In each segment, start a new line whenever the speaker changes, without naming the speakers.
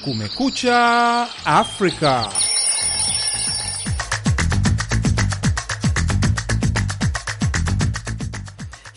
Kumekucha Afrika.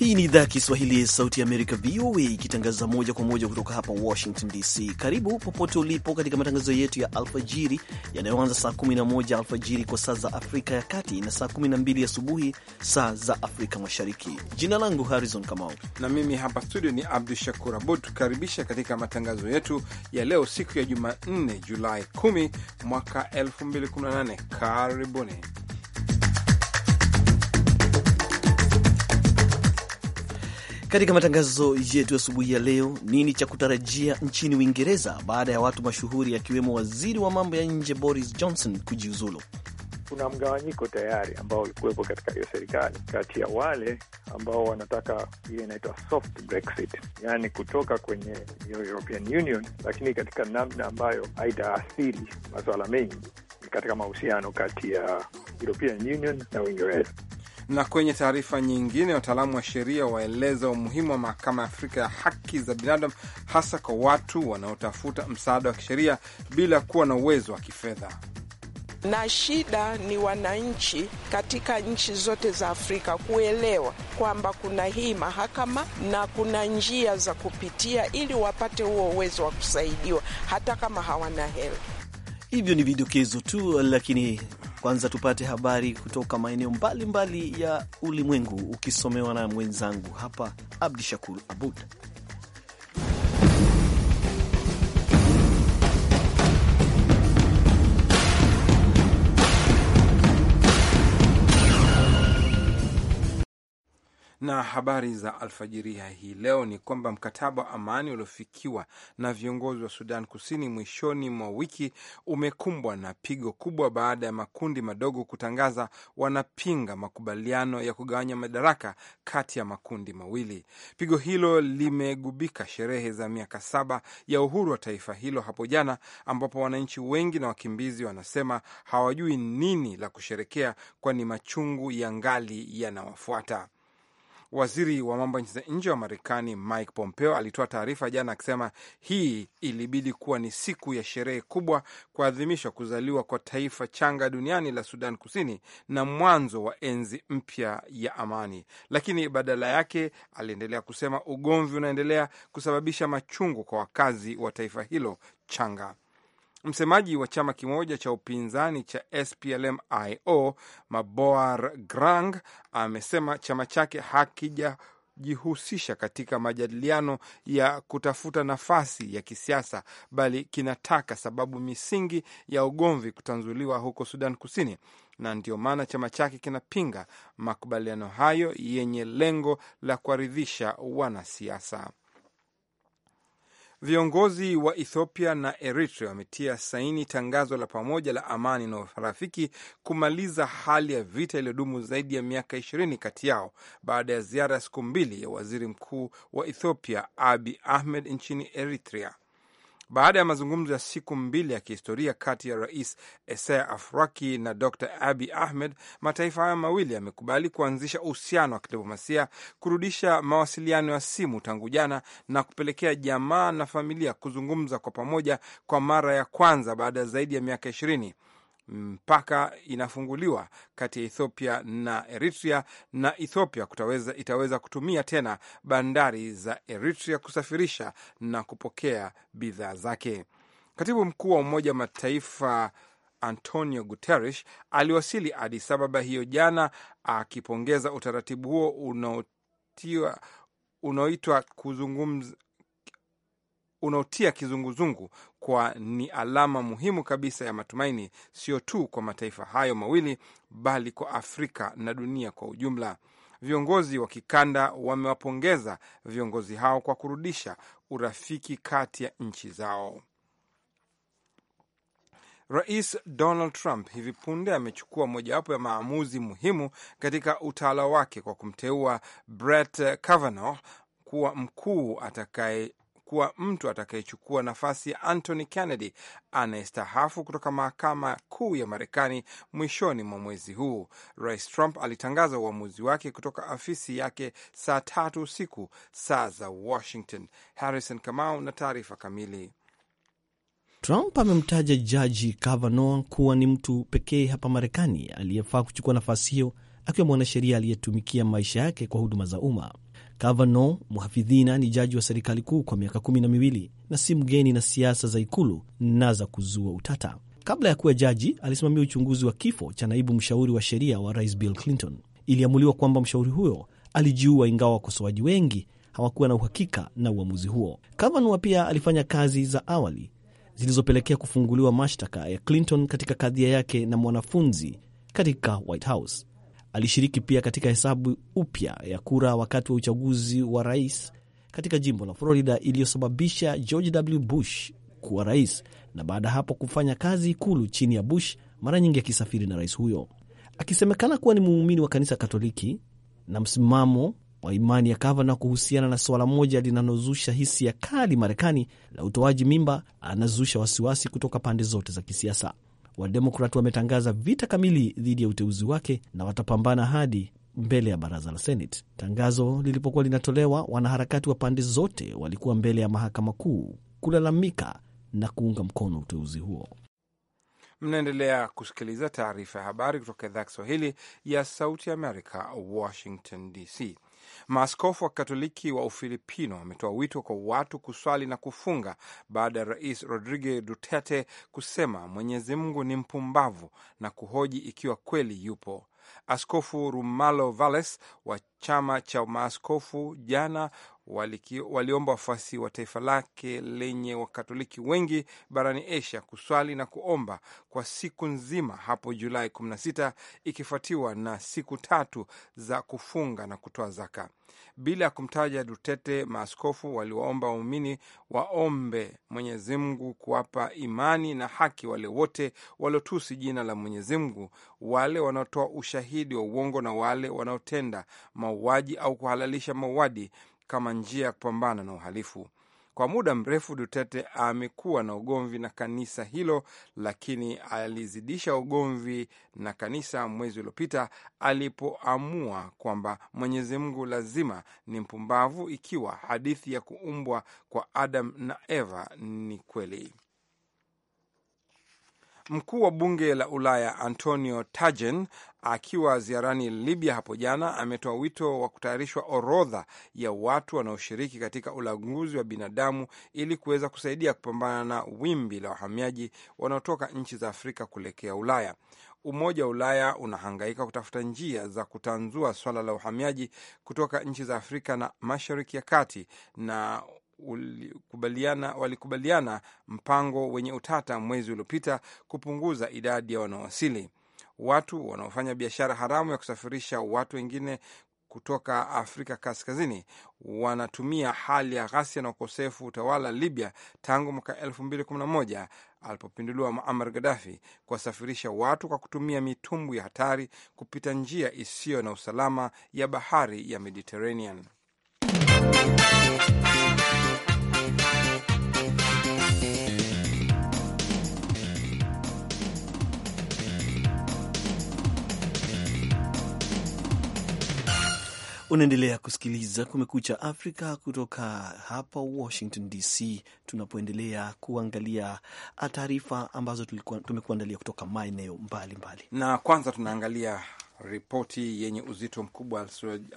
Hii ni idhaa ya Kiswahili
ya Sauti ya Amerika, VOA, ikitangaza moja kwa moja kutoka hapa Washington DC. Karibu popote ulipo katika matangazo yetu ya alfajiri yanayoanza saa 11 alfajiri kwa saa za Afrika ya Kati na saa 12 asubuhi saa za Afrika Mashariki. Jina langu Harrison Kamau
na mimi hapa studio ni Abdu Shakur Abud, tukaribisha katika matangazo yetu ya leo, siku ya Jumanne, Julai 10 mwaka 2018. Karibuni.
Katika matangazo yetu asubuhi ya leo, nini cha kutarajia nchini Uingereza baada ya watu mashuhuri akiwemo waziri wa mambo ya nje Boris Johnson kujiuzulu?
Kuna mgawanyiko tayari ambao ulikuwepo katika hiyo serikali kati ya wale ambao wanataka ile inaitwa soft Brexit, yaani kutoka kwenye European Union, lakini katika namna ambayo haitaathiri masuala mengi katika mahusiano kati ya European Union na Uingereza.
Na kwenye taarifa nyingine, wataalamu wa sheria waeleza umuhimu wa mahakama ya Afrika ya haki za binadamu, hasa kwa watu wanaotafuta msaada wa kisheria bila kuwa na uwezo wa kifedha
na shida ni wananchi katika nchi zote za Afrika kuelewa kwamba kuna hii mahakama na kuna njia za kupitia ili wapate huo uwezo wa kusaidiwa hata kama hawana hela.
Hivyo ni vidokezo tu, lakini kwanza tupate habari kutoka maeneo mbalimbali ya ulimwengu, ukisomewa na mwenzangu hapa Abdi Shakur Abud.
Na habari za alfajiria hii leo ni kwamba mkataba wa amani uliofikiwa na viongozi wa Sudan Kusini mwishoni mwa wiki umekumbwa na pigo kubwa baada ya makundi madogo kutangaza wanapinga makubaliano ya kugawanya madaraka kati ya makundi mawili. Pigo hilo limegubika sherehe za miaka saba ya uhuru wa taifa hilo hapo jana, ambapo wananchi wengi na wakimbizi wanasema hawajui nini la kusherekea, kwani machungu ya ngali yanawafuata. Waziri wa mambo ya nje wa Marekani Mike Pompeo alitoa taarifa jana akisema hii ilibidi kuwa ni siku ya sherehe kubwa kuadhimishwa kuzaliwa kwa taifa changa duniani la Sudan Kusini na mwanzo wa enzi mpya ya amani, lakini badala yake aliendelea kusema ugomvi unaendelea kusababisha machungu kwa wakazi wa taifa hilo changa. Msemaji wa chama kimoja cha upinzani cha SPLM-IO Maboar Grang amesema chama chake hakija jihusisha katika majadiliano ya kutafuta nafasi ya kisiasa bali kinataka sababu misingi ya ugomvi kutanzuliwa huko Sudan Kusini, na ndiyo maana chama chake kinapinga makubaliano hayo yenye lengo la kuaridhisha wanasiasa. Viongozi wa Ethiopia na Eritrea wametia saini tangazo la pamoja la amani na urafiki kumaliza hali ya vita iliyodumu zaidi ya miaka ishirini kati yao baada ya ziara ya siku mbili ya waziri mkuu wa Ethiopia Abi Ahmed nchini Eritrea baada ya mazungumzo ya siku mbili ya kihistoria kati ya Rais esaa Afraki na Dr Abi Ahmed, mataifa hayo mawili yamekubali kuanzisha uhusiano wa kidiplomasia, kurudisha mawasiliano ya simu tangu jana na kupelekea jamaa na familia kuzungumza kwa pamoja kwa mara ya kwanza baada ya zaidi ya miaka ishirini mpaka inafunguliwa kati ya Ethiopia na Eritrea, na Ethiopia kutaweza, itaweza kutumia tena bandari za Eritrea kusafirisha na kupokea bidhaa zake. Katibu mkuu wa Umoja wa Mataifa Antonio Guterres aliwasili Addis Ababa hiyo jana, akipongeza utaratibu huo unaotiwa unaoitwa unaotia kizunguzungu, kwa ni alama muhimu kabisa ya matumaini, sio tu kwa mataifa hayo mawili, bali kwa Afrika na dunia kwa ujumla. Viongozi wa kikanda wamewapongeza viongozi hao kwa kurudisha urafiki kati ya nchi zao. Rais Donald Trump hivi punde amechukua mojawapo ya maamuzi muhimu katika utawala wake kwa kumteua Brett Kavanaugh kuwa mkuu atakaye kuwa mtu atakayechukua nafasi ya Anthony Kennedy anayestahafu kutoka mahakama kuu ya Marekani mwishoni mwa mwezi huu. Rais Trump alitangaza uamuzi wake kutoka afisi yake saa tatu usiku saa za Washington. Harrison Kamau na taarifa kamili.
Trump amemtaja jaji Kavanaugh kuwa ni mtu pekee hapa Marekani aliyefaa kuchukua nafasi hiyo, akiwa mwanasheria aliyetumikia maisha yake kwa huduma za umma. Kavanaugh, mhafidhina, ni jaji wa serikali kuu kwa miaka kumi na miwili na si mgeni na siasa za ikulu na za kuzua utata. Kabla ya kuwa jaji, alisimamia uchunguzi wa kifo cha naibu mshauri wa sheria wa rais Bill Clinton. Iliamuliwa kwamba mshauri huyo alijiua, ingawa wakosoaji wengi hawakuwa na uhakika na uamuzi huo. Kavanaugh pia alifanya kazi za awali zilizopelekea kufunguliwa mashtaka ya Clinton katika kadhia yake na mwanafunzi katika White House. Alishiriki pia katika hesabu upya ya kura wakati wa uchaguzi wa rais katika jimbo la Florida iliyosababisha George W. Bush kuwa rais na baada ya hapo kufanya kazi ikulu chini ya Bush, mara nyingi akisafiri na rais huyo. Akisemekana kuwa ni muumini wa kanisa Katoliki na msimamo wa imani ya Kavana kuhusiana na suala moja linalozusha hisia kali Marekani la utoaji mimba, anazusha wasiwasi kutoka pande zote za kisiasa. Wademokrat wametangaza vita kamili dhidi ya uteuzi wake na watapambana hadi mbele ya baraza la Senate. Tangazo lilipokuwa linatolewa, wanaharakati wa pande zote walikuwa mbele ya mahakama kuu kulalamika na kuunga mkono uteuzi huo.
Mnaendelea kusikiliza taarifa ya habari kutoka idhaa ya Kiswahili ya Sauti Amerika, Washington DC. Maaskofu wa Katoliki wa Ufilipino wametoa wito kwa watu kuswali na kufunga baada ya Rais Rodrigo Duterte kusema Mwenyezi Mungu ni mpumbavu na kuhoji ikiwa kweli yupo. Askofu Rumalo Vales wa chama cha maaskofu jana waliki, waliomba wafuasi wa taifa lake lenye wakatoliki wengi barani Asia kuswali na kuomba kwa siku nzima hapo Julai 16 ikifuatiwa na siku tatu za kufunga na kutoa zaka. Bila ya kumtaja Duterte, maaskofu waliwaomba waumini waombe Mwenyezi Mungu kuwapa imani na haki wale wote waliotusi jina la Mwenyezi Mungu, wale wanaotoa ushahidi wa uongo na wale wanaotenda ma mauaji au kuhalalisha mauaji kama njia ya kupambana na uhalifu. Kwa muda mrefu Duterte amekuwa na ugomvi na kanisa hilo, lakini alizidisha ugomvi na kanisa mwezi uliopita alipoamua kwamba Mwenyezi Mungu lazima ni mpumbavu ikiwa hadithi ya kuumbwa kwa Adam na Eva ni kweli. Mkuu wa bunge la Ulaya Antonio Tajani akiwa ziarani Libya hapo jana ametoa wito wa kutayarishwa orodha ya watu wanaoshiriki katika ulanguzi wa binadamu ili kuweza kusaidia kupambana na wimbi la wahamiaji wanaotoka nchi za Afrika kuelekea Ulaya. Umoja wa Ulaya unahangaika kutafuta njia za kutanzua swala la uhamiaji kutoka nchi za Afrika na Mashariki ya Kati na walikubaliana mpango wenye utata mwezi uliopita kupunguza idadi ya wanaowasili. Watu wanaofanya biashara haramu ya kusafirisha watu wengine kutoka Afrika Kaskazini wanatumia hali ya ghasia na ukosefu utawala Libya tangu mwaka 2011 alipopinduliwa Muammar Gaddafi kuwasafirisha watu kwa kutumia mitumbwi ya hatari kupita njia isiyo na usalama ya bahari ya Mediterranean.
Unaendelea kusikiliza Kumekucha Afrika kutoka hapa Washington DC, tunapoendelea kuangalia ah, taarifa ambazo tumekuandalia kutoka maeneo mbalimbali,
na kwanza tunaangalia Ripoti yenye uzito mkubwa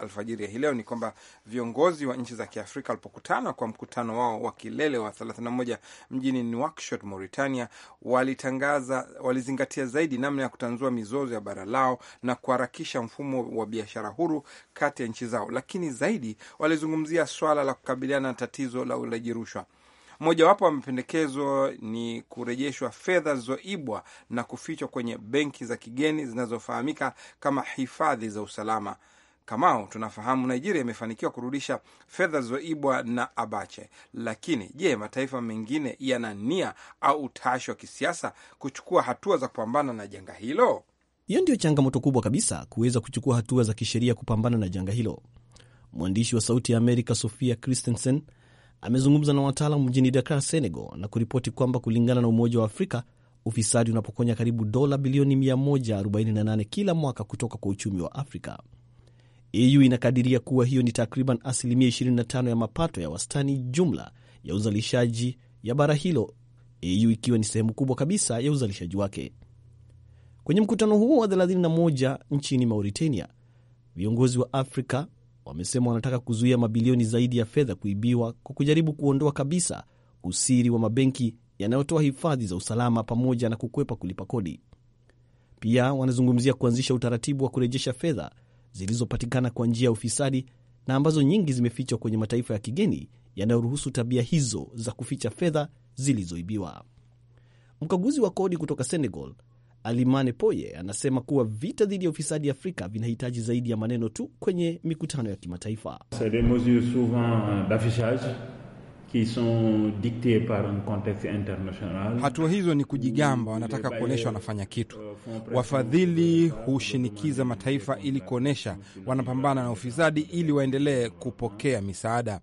alfajiri ya hii leo ni kwamba viongozi wa nchi za Kiafrika walipokutana kwa mkutano wao wa kilele wa 31 mjini Nouakchott, Mauritania, walitangaza walizingatia zaidi namna ya kutanzua mizozo ya bara lao na kuharakisha mfumo wa biashara huru kati ya nchi zao, lakini zaidi walizungumzia swala la kukabiliana na tatizo la ulaji rushwa. Mojawapo wa mapendekezo ni kurejeshwa fedha zilizoibwa na kufichwa kwenye benki za kigeni zinazofahamika kama hifadhi za usalama. Kamao, tunafahamu Nigeria imefanikiwa kurudisha fedha zilizoibwa na Abache, lakini je, mataifa mengine yana nia au utashi wa kisiasa kuchukua hatua za kupambana na janga hilo?
Hiyo ndiyo changamoto kubwa kabisa, kuweza kuchukua hatua za kisheria kupambana na janga hilo. Mwandishi wa Sauti ya Amerika Sofia Christensen amezungumza na wataalam mjini Dakar, Senegal, na kuripoti kwamba kulingana na Umoja wa Afrika, ufisadi unapokonya karibu dola bilioni 148 kila mwaka kutoka kwa uchumi wa Afrika. EU inakadiria kuwa hiyo ni takriban asilimia 25 ya mapato ya wastani jumla ya uzalishaji ya bara hilo, EU ikiwa ni sehemu kubwa kabisa ya uzalishaji wake. Kwenye mkutano huo wa 31 nchini Mauritania, viongozi wa Afrika wamesema wanataka kuzuia mabilioni zaidi ya fedha kuibiwa kwa kujaribu kuondoa kabisa usiri wa mabenki yanayotoa hifadhi za usalama pamoja na kukwepa kulipa kodi. Pia wanazungumzia kuanzisha utaratibu wa kurejesha fedha zilizopatikana kwa njia ya ufisadi na ambazo nyingi zimefichwa kwenye mataifa ya kigeni yanayoruhusu tabia hizo za kuficha fedha zilizoibiwa. Mkaguzi wa kodi kutoka Senegal Alimane Poye anasema kuwa vita dhidi ya ufisadi Afrika vinahitaji zaidi ya maneno tu kwenye mikutano ya kimataifa.
Hatua hizo ni kujigamba, wanataka kuonyesha wanafanya kitu. Wafadhili hushinikiza mataifa ili kuonyesha wanapambana na ufisadi ili waendelee kupokea misaada.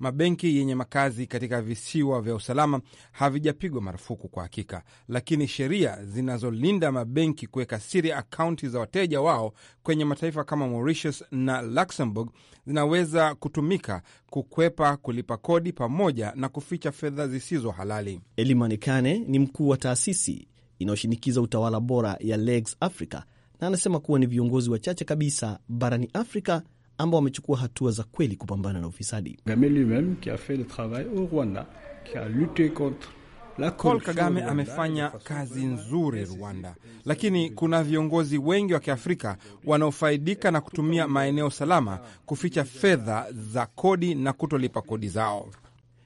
Mabenki yenye makazi katika visiwa vya usalama havijapigwa marufuku kwa hakika, lakini sheria zinazolinda mabenki kuweka siri akaunti za wateja wao kwenye mataifa kama Mauritius na Luxembourg zinaweza kutumika kukwepa kulipa kodi pamoja na kuficha fedha zisizo halali. Elimanikane ni
mkuu wa taasisi inayoshinikiza utawala bora ya Legs Africa na anasema kuwa ni viongozi wachache kabisa barani Afrika ambao wamechukua hatua za kweli kupambana na ufisadi.
Paul Kagame amefanya kazi nzuri Rwanda, lakini kuna viongozi wengi wa Kiafrika wanaofaidika na kutumia maeneo salama kuficha fedha za kodi na kutolipa kodi zao.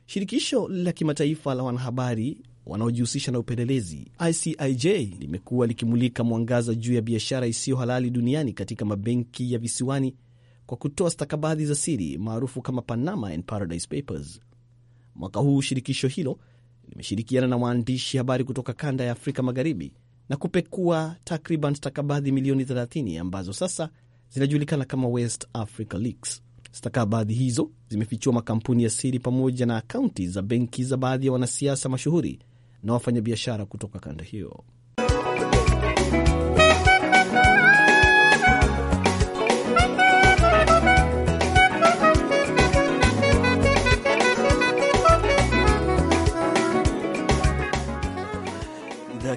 Shirikisho la kimataifa la wanahabari wanaojihusisha na
upelelezi ICIJ limekuwa likimulika mwangaza juu ya biashara isiyo halali duniani katika mabenki ya visiwani kwa kutoa stakabadhi za siri maarufu kama Panama and Paradise Papers. Mwaka huu shirikisho hilo limeshirikiana na waandishi habari kutoka kanda ya Afrika Magharibi na kupekua takriban stakabadhi milioni 30 ambazo sasa zinajulikana kama West Africa Leaks. Stakabadhi hizo zimefichua makampuni ya siri pamoja na akaunti za benki za baadhi ya wanasiasa mashuhuri na wafanyabiashara kutoka kanda hiyo.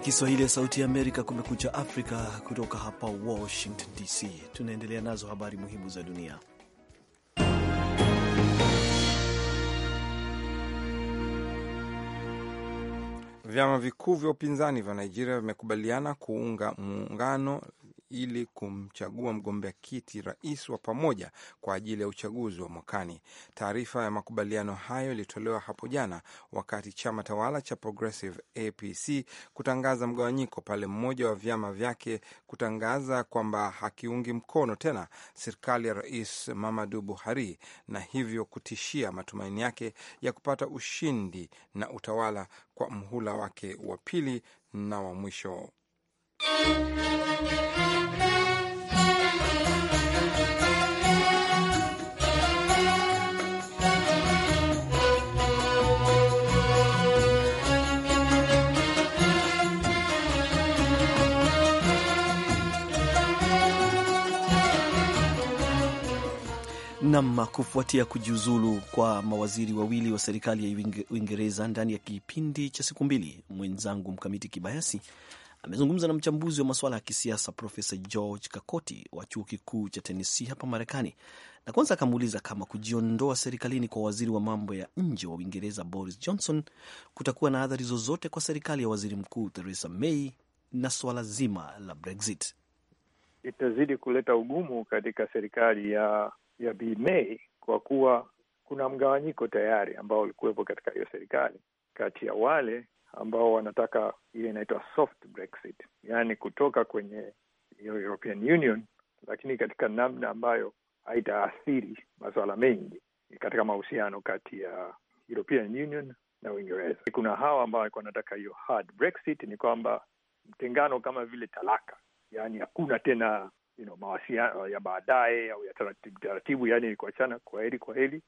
Kiswahili ya Sauti ya Amerika, Kumekucha Afrika, kutoka hapa Washington DC. Tunaendelea nazo habari muhimu za dunia.
Vyama vikuu vya upinzani vya Nigeria vimekubaliana kuunga muungano ili kumchagua mgombea kiti rais wa pamoja kwa ajili ya uchaguzi wa mwakani. Taarifa ya makubaliano hayo ilitolewa hapo jana wakati chama tawala cha Progressive APC kutangaza mgawanyiko pale mmoja wa vyama vyake kutangaza kwamba hakiungi mkono tena serikali ya Rais Mamadu Buhari na hivyo kutishia matumaini yake ya kupata ushindi na utawala kwa mhula wake wa pili na wa mwisho.
Nam, kufuatia kujiuzulu kwa mawaziri wawili wa serikali ya Uingereza ndani ya kipindi cha siku mbili, mwenzangu Mkamiti Kibayasi amezungumza na mchambuzi wa masuala ya kisiasa Profesa George Kakoti wa chuo kikuu cha Tennessee hapa Marekani, na kwanza akamuuliza kama kujiondoa serikalini kwa waziri wa mambo ya nje wa Uingereza Boris Johnson kutakuwa na athari zozote kwa serikali ya waziri mkuu Theresa May na suala zima la Brexit.
Itazidi kuleta ugumu katika serikali ya ya Bi May kwa kuwa kuna mgawanyiko tayari ambao ulikuwepo katika hiyo serikali kati ya wale ambao wanataka hiyo inaitwa soft Brexit, yaani kutoka kwenye European Union, lakini katika namna ambayo haitaathiri masuala mengi katika mahusiano kati ya European Union na Uingereza. Kuna hawa ambao walikuwa wanataka hiyo hard Brexit, ni kwamba mtengano kama vile talaka, yaani hakuna tena you know, mawasiliano ya baadaye au ya taratibu, taratibu, yaani kuachana kwa heri kwa heri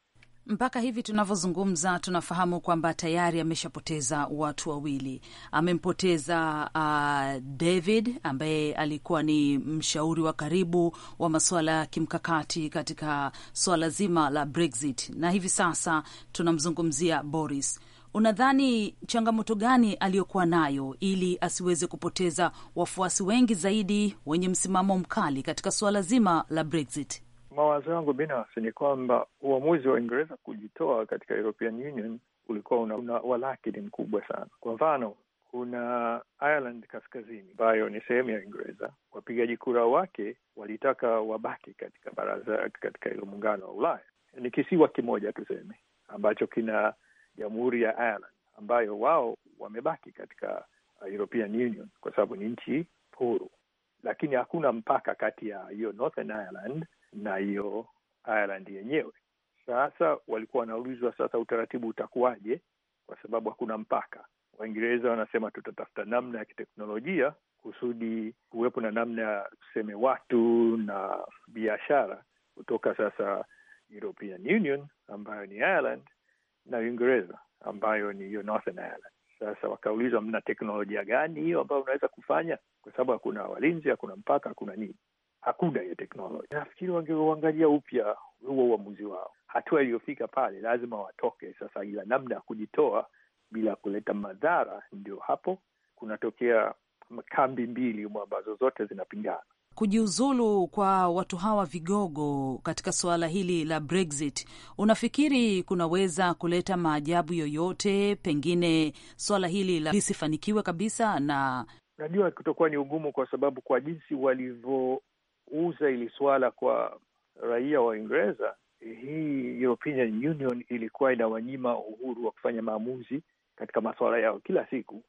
mpaka hivi tunavyozungumza tunafahamu kwamba tayari ameshapoteza watu wawili. Amempoteza uh, David ambaye alikuwa ni mshauri wa karibu wa masuala ya kimkakati katika suala zima la Brexit, na hivi sasa tunamzungumzia Boris. Unadhani changamoto gani aliyokuwa nayo ili asiweze kupoteza wafuasi wengi zaidi wenye msimamo mkali katika suala zima la Brexit?
mawazo yangu binafsi ni kwamba uamuzi wa Uingereza kujitoa katika European Union ulikuwa una, una walakini mkubwa sana. Kwa mfano, kuna Ireland Kaskazini ambayo ni sehemu ya Uingereza. Wapigaji kura wake walitaka wabaki katika baraza, katika ilo muungano wa Ulaya. Ni kisiwa kimoja tuseme, ambacho kina jamhuri ya Ireland ambayo wao wamebaki katika uh, European Union kwa sababu ni nchi huru, lakini hakuna mpaka kati ya hiyo Northern Ireland na hiyo Ireland yenyewe. Sasa walikuwa wanaulizwa sasa, utaratibu utakuwaje? Kwa sababu hakuna mpaka. Waingereza wanasema tutatafuta namna ya kiteknolojia kusudi kuwepo na namna ya tuseme watu na biashara kutoka sasa European Union ambayo ni Ireland na Uingereza ambayo ni hiyo Northern Ireland. Sasa wakaulizwa, mna teknolojia gani hiyo ambayo unaweza kufanya, kwa sababu hakuna walinzi, hakuna mpaka, hakuna nini hakuna hiyo teknoloji. Nafikiri wangeuangalia upya huo uamuzi wao, hatua iliyofika pale, lazima watoke sasa, ila namna ya kujitoa bila kuleta madhara, ndio hapo kunatokea kambi mbili ambazo zote zinapingana.
Kujiuzulu kwa watu hawa vigogo katika suala hili la Brexit, unafikiri kunaweza kuleta maajabu yoyote? Pengine suala hili la lisifanikiwe kabisa? Na
unajua kutokuwa ni ugumu, kwa sababu kwa jinsi walivyo kuuza ili swala kwa raia wa Uingereza, hii European Union ilikuwa inawanyima uhuru wa kufanya maamuzi katika masuala yao kila siku,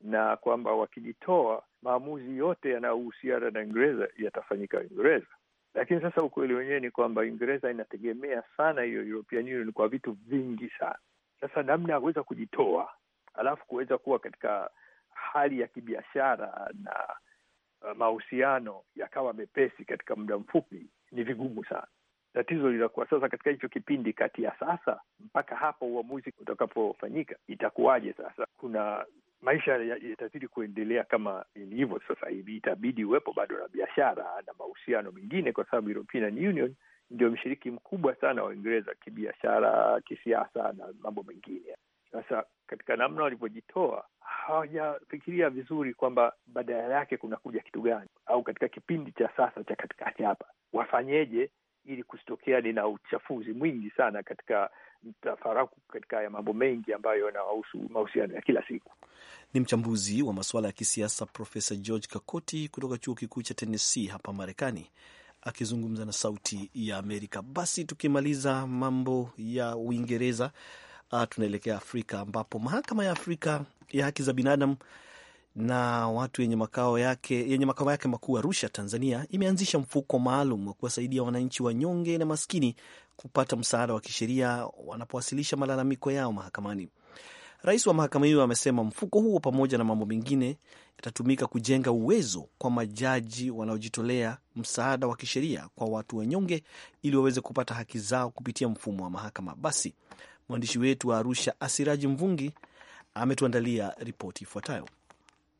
na kwamba wakijitoa, maamuzi yote yanayohusiana na Uingereza yatafanyika Uingereza. Lakini sasa ukweli wenyewe ni kwamba Uingereza inategemea sana hiyo European Union kwa vitu vingi sana. Sasa namna ya kuweza kujitoa alafu kuweza kuwa katika hali ya kibiashara na Eh, mahusiano yakawa mepesi katika muda mfupi ni vigumu sana. Tatizo linakuwa sasa katika hicho kipindi kati ya sasa mpaka hapo uamuzi utakapofanyika, itakuwaje? Sasa kuna maisha yatazidi kuendelea kama ilivyo sasa hivi, itabidi uwepo bado na biashara na mahusiano mengine, kwa sababu European Union ndio mshiriki mkubwa sana wa Uingereza kibiashara, kisiasa na mambo mengine. Sasa katika namna walivyojitoa hawajafikiria vizuri kwamba badala yake kuna kuja kitu gani, au katika kipindi cha sasa cha katikati hapa wafanyeje ili kusitokea na uchafuzi mwingi sana katika mtafaraku katika ya mambo mengi ambayo yanawahusu mahusiano ya kila siku.
Ni mchambuzi wa masuala ya kisiasa Profesa George Kakoti kutoka chuo kikuu cha Tennessee hapa Marekani akizungumza na Sauti ya Amerika. Basi tukimaliza mambo ya Uingereza uh, tunaelekea Afrika ambapo mahakama ya Afrika ya haki za binadamu na watu yenye makao yake yenye makao yake makuu Arusha, Tanzania, imeanzisha mfuko maalum wa kuwasaidia wananchi wanyonge na maskini kupata msaada wa kisheria wanapowasilisha malalamiko yao mahakamani. Rais wa mahakama hiyo amesema mfuko huo pamoja na mambo mengine yatatumika kujenga uwezo kwa majaji wanaojitolea msaada wa kisheria kwa watu wanyonge ili waweze kupata haki zao kupitia mfumo wa mahakama. Basi
Mwandishi wetu wa Arusha, Asiraji Mvungi, ametuandalia ripoti ifuatayo.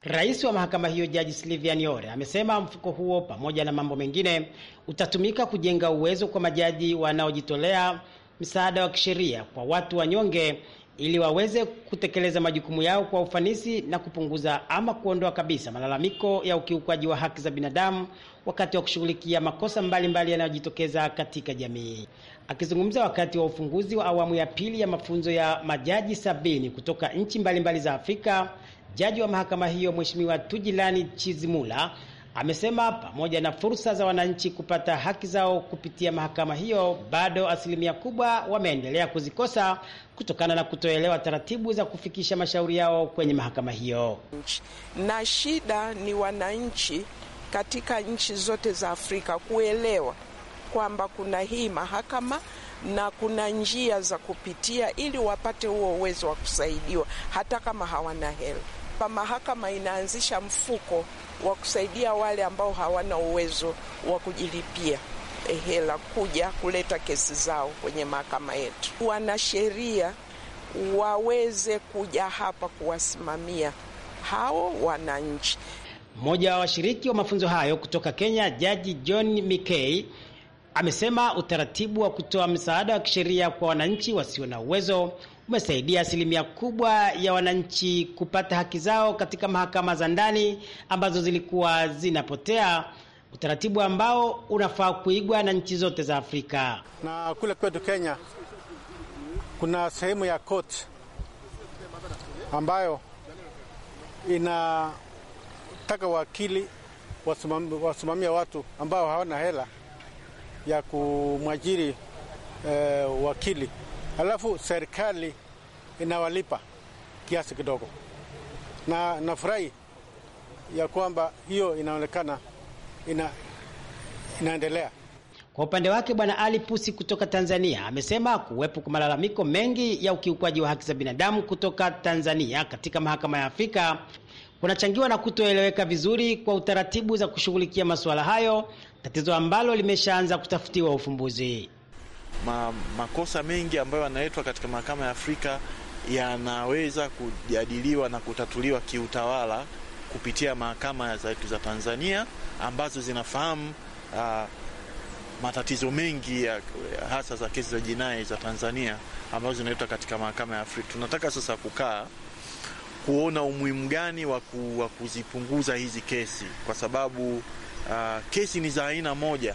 Rais wa mahakama hiyo Jaji Silivian Yore amesema mfuko huo pamoja na mambo mengine utatumika kujenga uwezo kwa majaji wanaojitolea msaada wa kisheria kwa watu wanyonge ili waweze kutekeleza majukumu yao kwa ufanisi na kupunguza ama kuondoa kabisa malalamiko ya ukiukwaji wa haki za binadamu wakati wa kushughulikia makosa mbalimbali yanayojitokeza katika jamii. Akizungumza wakati wa ufunguzi wa awamu ya pili ya mafunzo ya majaji sabini kutoka nchi mbalimbali za Afrika, jaji wa mahakama hiyo Mheshimiwa Tujilani Chizimula Amesema pamoja na fursa za wananchi kupata haki zao kupitia mahakama hiyo, bado asilimia kubwa wameendelea kuzikosa kutokana na kutoelewa taratibu za kufikisha mashauri yao kwenye mahakama hiyo. Na shida ni wananchi katika nchi zote za Afrika kuelewa kwamba kuna hii mahakama na kuna njia za kupitia ili wapate huo uwezo wa kusaidiwa hata kama hawana hela hapa mahakama inaanzisha mfuko wa kusaidia wale ambao hawana uwezo wa kujilipia hela kuja kuleta kesi zao kwenye mahakama yetu. Wanasheria waweze kuja hapa kuwasimamia hao wananchi. Mmoja wa washiriki wa mafunzo hayo kutoka Kenya, Jaji John Mikei amesema utaratibu wa kutoa msaada wa kisheria kwa wananchi wasio na uwezo umesaidia asilimia kubwa ya wananchi kupata haki zao katika mahakama za ndani ambazo zilikuwa zinapotea, utaratibu ambao unafaa kuigwa na nchi zote za Afrika. Na kule kwetu Kenya kuna sehemu ya court ambayo
inataka wakili wasimamia watu ambao hawana hela ya kumwajiri eh, wakili alafu serikali inawalipa kiasi kidogo, na nafurahi ya kwamba hiyo inaonekana ina, inaendelea.
Kwa upande wake Bwana Ali Pusi kutoka Tanzania amesema kuwepo kwa malalamiko mengi ya ukiukwaji wa haki za binadamu kutoka Tanzania katika mahakama ya Afrika kunachangiwa na kutoeleweka vizuri kwa utaratibu za kushughulikia masuala hayo, tatizo ambalo limeshaanza kutafutiwa ufumbuzi
ma, makosa mengi ambayo yanaletwa katika mahakama ya Afrika yanaweza kujadiliwa na kutatuliwa kiutawala kupitia mahakama zetu za Tanzania ambazo zinafahamu uh, matatizo mengi ya, hasa za kesi za jinai za Tanzania ambazo zinaletwa katika mahakama ya Afrika. Tunataka sasa kukaa kuona umuhimu gani wa kuzipunguza hizi kesi kwa sababu uh, kesi ni za aina moja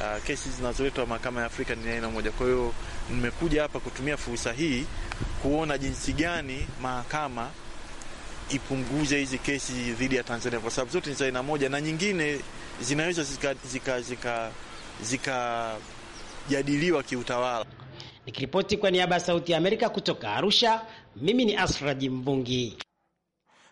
uh, kesi zinazoletwa mahakama ya Afrika ni aina moja. Kwa hiyo nimekuja hapa kutumia fursa hii kuona jinsi gani mahakama ipunguze hizi kesi dhidi ya Tanzania kwa sababu zote ni za aina moja na nyingine zinaweza zikajadiliwa zika,
zika, zika kiutawala. Nikiripoti kwa niaba ya Sauti ya Amerika kutoka Arusha, mimi ni Asraji Mbungi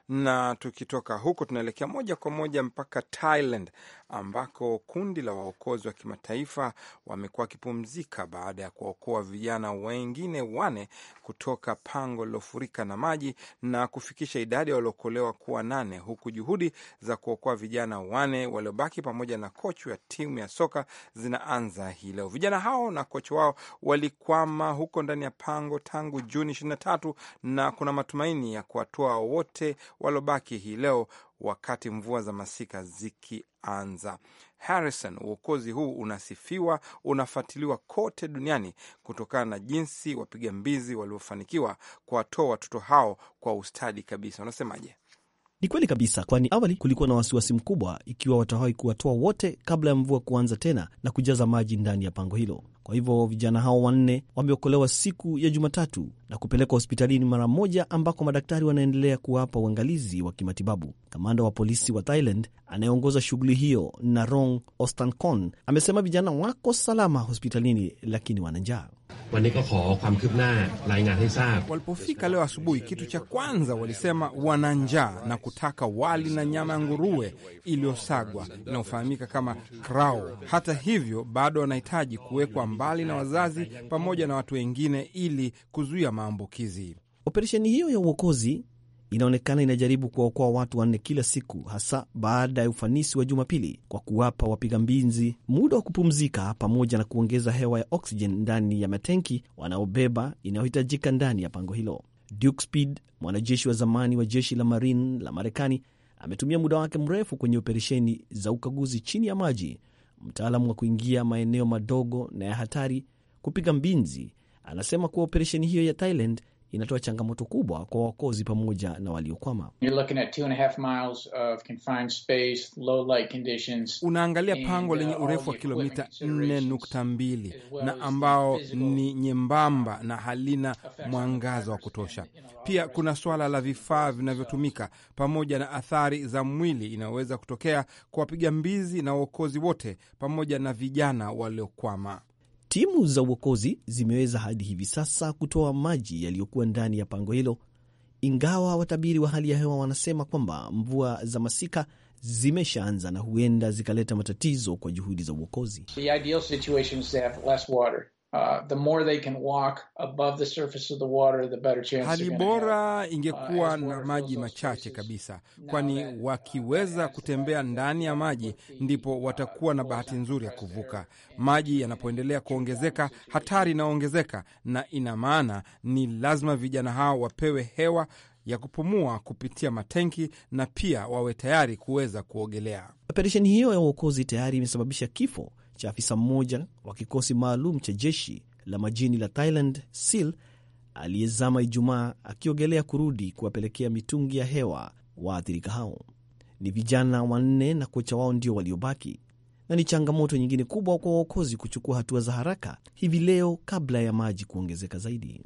na
tukitoka huko tunaelekea moja kwa moja mpaka Thailand ambako kundi la waokozi wa kimataifa wamekuwa wakipumzika baada ya kuwaokoa vijana wengine wane kutoka pango lilofurika na maji na kufikisha idadi ya waliokolewa kuwa nane, huku juhudi za kuokoa vijana wane waliobaki pamoja na kochi ya timu ya soka zinaanza hii leo. Vijana hao na kochi wao walikwama huko ndani ya pango tangu Juni 23 na kuna matumaini ya kuwatoa wote waliobaki hii leo wakati mvua za masika zikianza. Harrison, uokozi huu unasifiwa, unafuatiliwa kote duniani kutokana na jinsi wapiga mbizi waliofanikiwa kuwatoa watoto hao kwa ustadi kabisa. Unasemaje?
Ni kweli kabisa, kwani awali kulikuwa na wasiwasi mkubwa ikiwa watawahi kuwatoa wote kabla ya mvua kuanza tena na kujaza maji ndani ya pango hilo. Kwa hivyo vijana hao wanne wameokolewa siku ya Jumatatu na kupelekwa hospitalini mara moja, ambako madaktari wanaendelea kuwapa uangalizi wa kimatibabu. Kamanda wa polisi wa Thailand anayeongoza shughuli hiyo, Narong Ostankon, amesema vijana wako salama hospitalini, lakini wana njaa.
Walipofika leo asubuhi, kitu cha kwanza walisema wana njaa na kutaka wali na nyama ya nguruwe iliyosagwa inayofahamika kama krau. Hata hivyo, bado wanahitaji kuwekwa mbali na wazazi pamoja na watu wengine ili kuzuia maambukizi.
Operesheni hiyo ya uokozi inaonekana inajaribu kuwaokoa watu wanne kila siku, hasa baada ya ufanisi wa Jumapili kwa kuwapa wapiga mbizi muda wa kupumzika pamoja na kuongeza hewa ya oksijen ndani ya matenki wanaobeba inayohitajika ndani ya pango hilo. Duke Speed, mwanajeshi wa zamani wa jeshi la Marine la Marekani, ametumia muda wake mrefu kwenye operesheni za ukaguzi chini ya maji, mtaalamu wa kuingia maeneo madogo na ya hatari kupiga mbinzi. Anasema kuwa operesheni hiyo ya Thailand inatoa changamoto kubwa kwa waokozi pamoja na waliokwama.
Unaangalia pango uh, lenye urefu
wa kilomita 4.2 na ambao ni nyembamba na halina mwangaza wa kutosha. Pia kuna suala la vifaa vinavyotumika pamoja na athari za mwili inayoweza kutokea kwa wapiga mbizi na waokozi wote pamoja na vijana waliokwama.
Timu za uokozi zimeweza hadi hivi sasa kutoa maji yaliyokuwa ndani ya pango hilo, ingawa watabiri wa hali ya hewa wanasema kwamba mvua za masika zimeshaanza na huenda zikaleta matatizo kwa juhudi za uokozi.
The ideal situations have less water. Uh, the more they can walk above the surface of the water, the better chance. Hali bora
uh, ingekuwa uh, na maji machache kabisa, kwani wakiweza kutembea ndani ya maji ndipo watakuwa na uh, bahati nzuri ya kuvuka. Maji yanapoendelea kuongezeka, hatari inaongezeka, na ina maana ni lazima vijana hao wapewe hewa ya kupumua kupitia matenki na pia wawe tayari kuweza kuogelea. Operesheni hiyo ya uokozi tayari imesababisha kifo
cha afisa mmoja wa kikosi maalum cha jeshi la majini la Thailand SEAL aliyezama Ijumaa akiogelea kurudi kuwapelekea mitungi ya hewa waathirika hao. Ni vijana wanne na kocha wao ndio waliobaki, na ni changamoto nyingine kubwa kwa waokozi kuchukua hatua za haraka hivi leo kabla ya maji kuongezeka zaidi.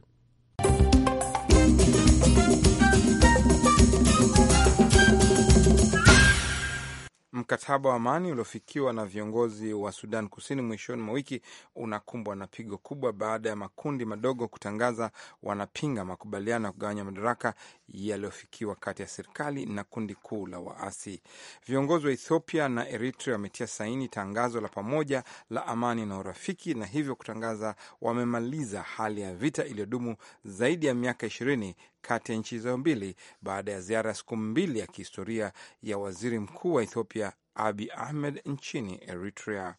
Mkataba wa amani uliofikiwa na viongozi wa Sudan Kusini mwishoni mwa wiki unakumbwa na pigo kubwa baada ya makundi madogo kutangaza wanapinga makubaliano ya kugawanya madaraka yaliyofikiwa kati ya serikali na kundi kuu la waasi. Viongozi wa Ethiopia na Eritrea wametia saini tangazo la pamoja la amani na urafiki na hivyo kutangaza wamemaliza hali ya vita iliyodumu zaidi ya miaka ishirini kati ya nchi hizo mbili baada ya ziara ya siku mbili ya kihistoria ya waziri mkuu wa Ethiopia Abi Ahmed nchini Eritrea.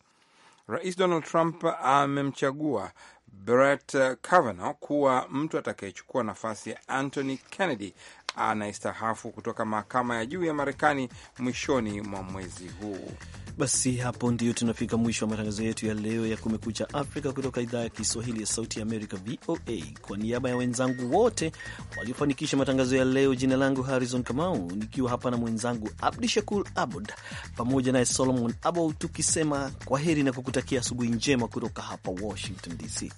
Rais Donald Trump amemchagua Brett Kavanaugh kuwa mtu atakayechukua nafasi ya Anthony Kennedy anayestahafu kutoka mahakama ya juu ya Marekani mwishoni mwa mwezi huu.
Basi hapo ndio tunafika mwisho wa matangazo yetu ya leo ya Kumekucha Afrika kutoka idhaa ya Kiswahili ya Sauti ya Amerika, VOA. Kwa niaba ya wenzangu wote waliofanikisha matangazo ya leo, jina langu Harrison Kamau, nikiwa hapa na mwenzangu Abdi Shakur Abud pamoja naye Solomon Abo, tukisema kwa heri na kukutakia asubuhi njema kutoka hapa Washington DC.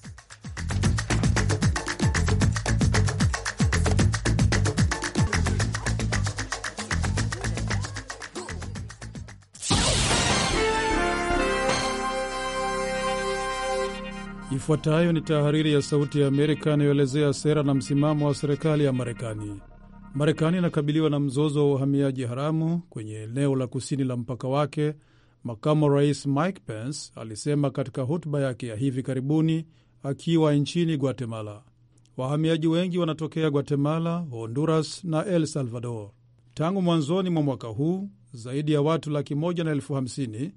Ifuatayo ni tahariri ya Sauti ya Amerika inayoelezea sera na msimamo wa serikali ya Marekani. Marekani inakabiliwa na mzozo wa uhamiaji haramu kwenye eneo la kusini la mpaka wake, makamu wa rais Mike Pence alisema katika hotuba yake ya hivi karibuni akiwa nchini Guatemala. Wahamiaji wengi wanatokea Guatemala, Honduras na el Salvador. Tangu mwanzoni mwa mwaka huu zaidi ya watu laki moja na elfu hamsini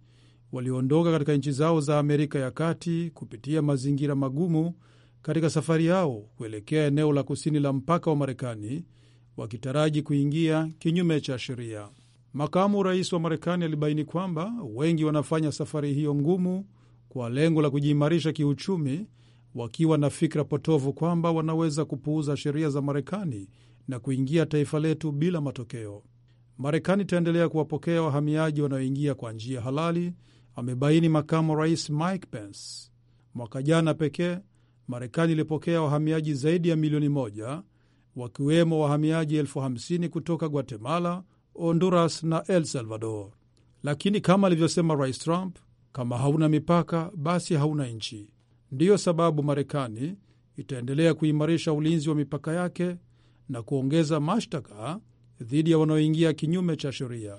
walioondoka katika nchi zao za Amerika ya Kati kupitia mazingira magumu katika safari yao kuelekea eneo la kusini la mpaka wa Marekani wakitaraji kuingia kinyume cha sheria. Makamu rais wa Marekani alibaini kwamba wengi wanafanya safari hiyo ngumu kwa lengo la kujiimarisha kiuchumi, wakiwa na fikra potovu kwamba wanaweza kupuuza sheria za Marekani na kuingia taifa letu bila matokeo. Marekani itaendelea kuwapokea wahamiaji wanaoingia kwa njia halali amebaini makamu rais Mike Pence. Mwaka jana pekee Marekani ilipokea wahamiaji zaidi ya milioni moja wakiwemo wahamiaji elfu hamsini kutoka Guatemala, Honduras na el Salvador. Lakini kama alivyosema Rais Trump, kama hauna mipaka basi hauna nchi. Ndiyo sababu Marekani itaendelea kuimarisha ulinzi wa mipaka yake na kuongeza mashtaka dhidi ya wanaoingia kinyume cha sheria.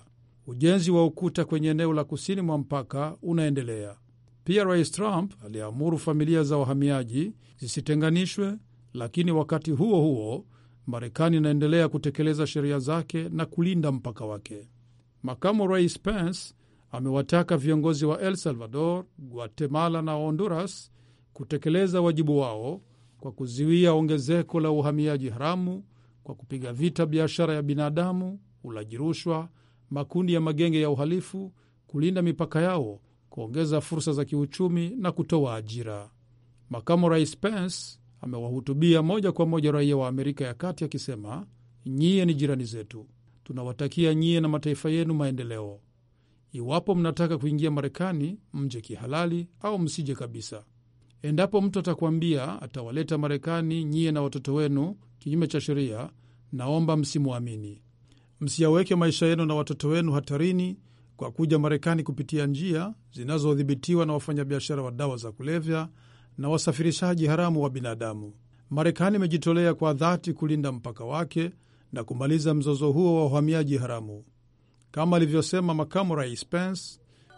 Ujenzi wa ukuta kwenye eneo la kusini mwa mpaka unaendelea. Pia Rais Trump aliamuru familia za wahamiaji zisitenganishwe, lakini wakati huo huo Marekani inaendelea kutekeleza sheria zake na kulinda mpaka wake. Makamu Rais Pence amewataka viongozi wa El Salvador, Guatemala na Honduras kutekeleza wajibu wao kwa kuzuia ongezeko la uhamiaji haramu kwa kupiga vita biashara ya binadamu, ulaji rushwa makundi ya magenge ya uhalifu, kulinda mipaka yao, kuongeza fursa za kiuchumi na kutoa ajira. Makamu Rais Pence amewahutubia moja kwa moja raia wa Amerika ya Kati akisema, nyiye ni jirani zetu, tunawatakia nyiye na mataifa yenu maendeleo. Iwapo mnataka kuingia Marekani, mje kihalali au msije kabisa. Endapo mtu atakwambia atawaleta Marekani nyiye na watoto wenu kinyume cha sheria, naomba msimwamini msiyaweke maisha yenu na watoto wenu hatarini kwa kuja Marekani kupitia njia zinazodhibitiwa na wafanyabiashara wa dawa za kulevya na wasafirishaji haramu wa binadamu. Marekani imejitolea kwa dhati kulinda mpaka wake na kumaliza mzozo huo wa uhamiaji haramu, kama alivyosema makamu rais Pence.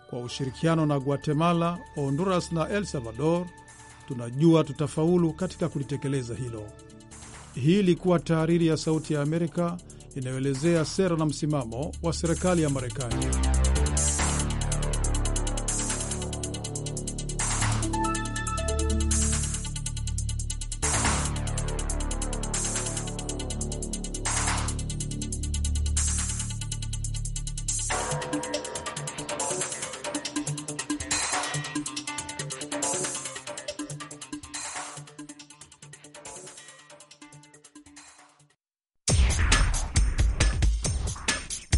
Kwa ushirikiano na Guatemala, Honduras na el Salvador, tunajua tutafaulu katika kulitekeleza hilo. Hii ilikuwa tahariri ya Sauti ya Amerika inayoelezea sera na msimamo wa serikali ya Marekani.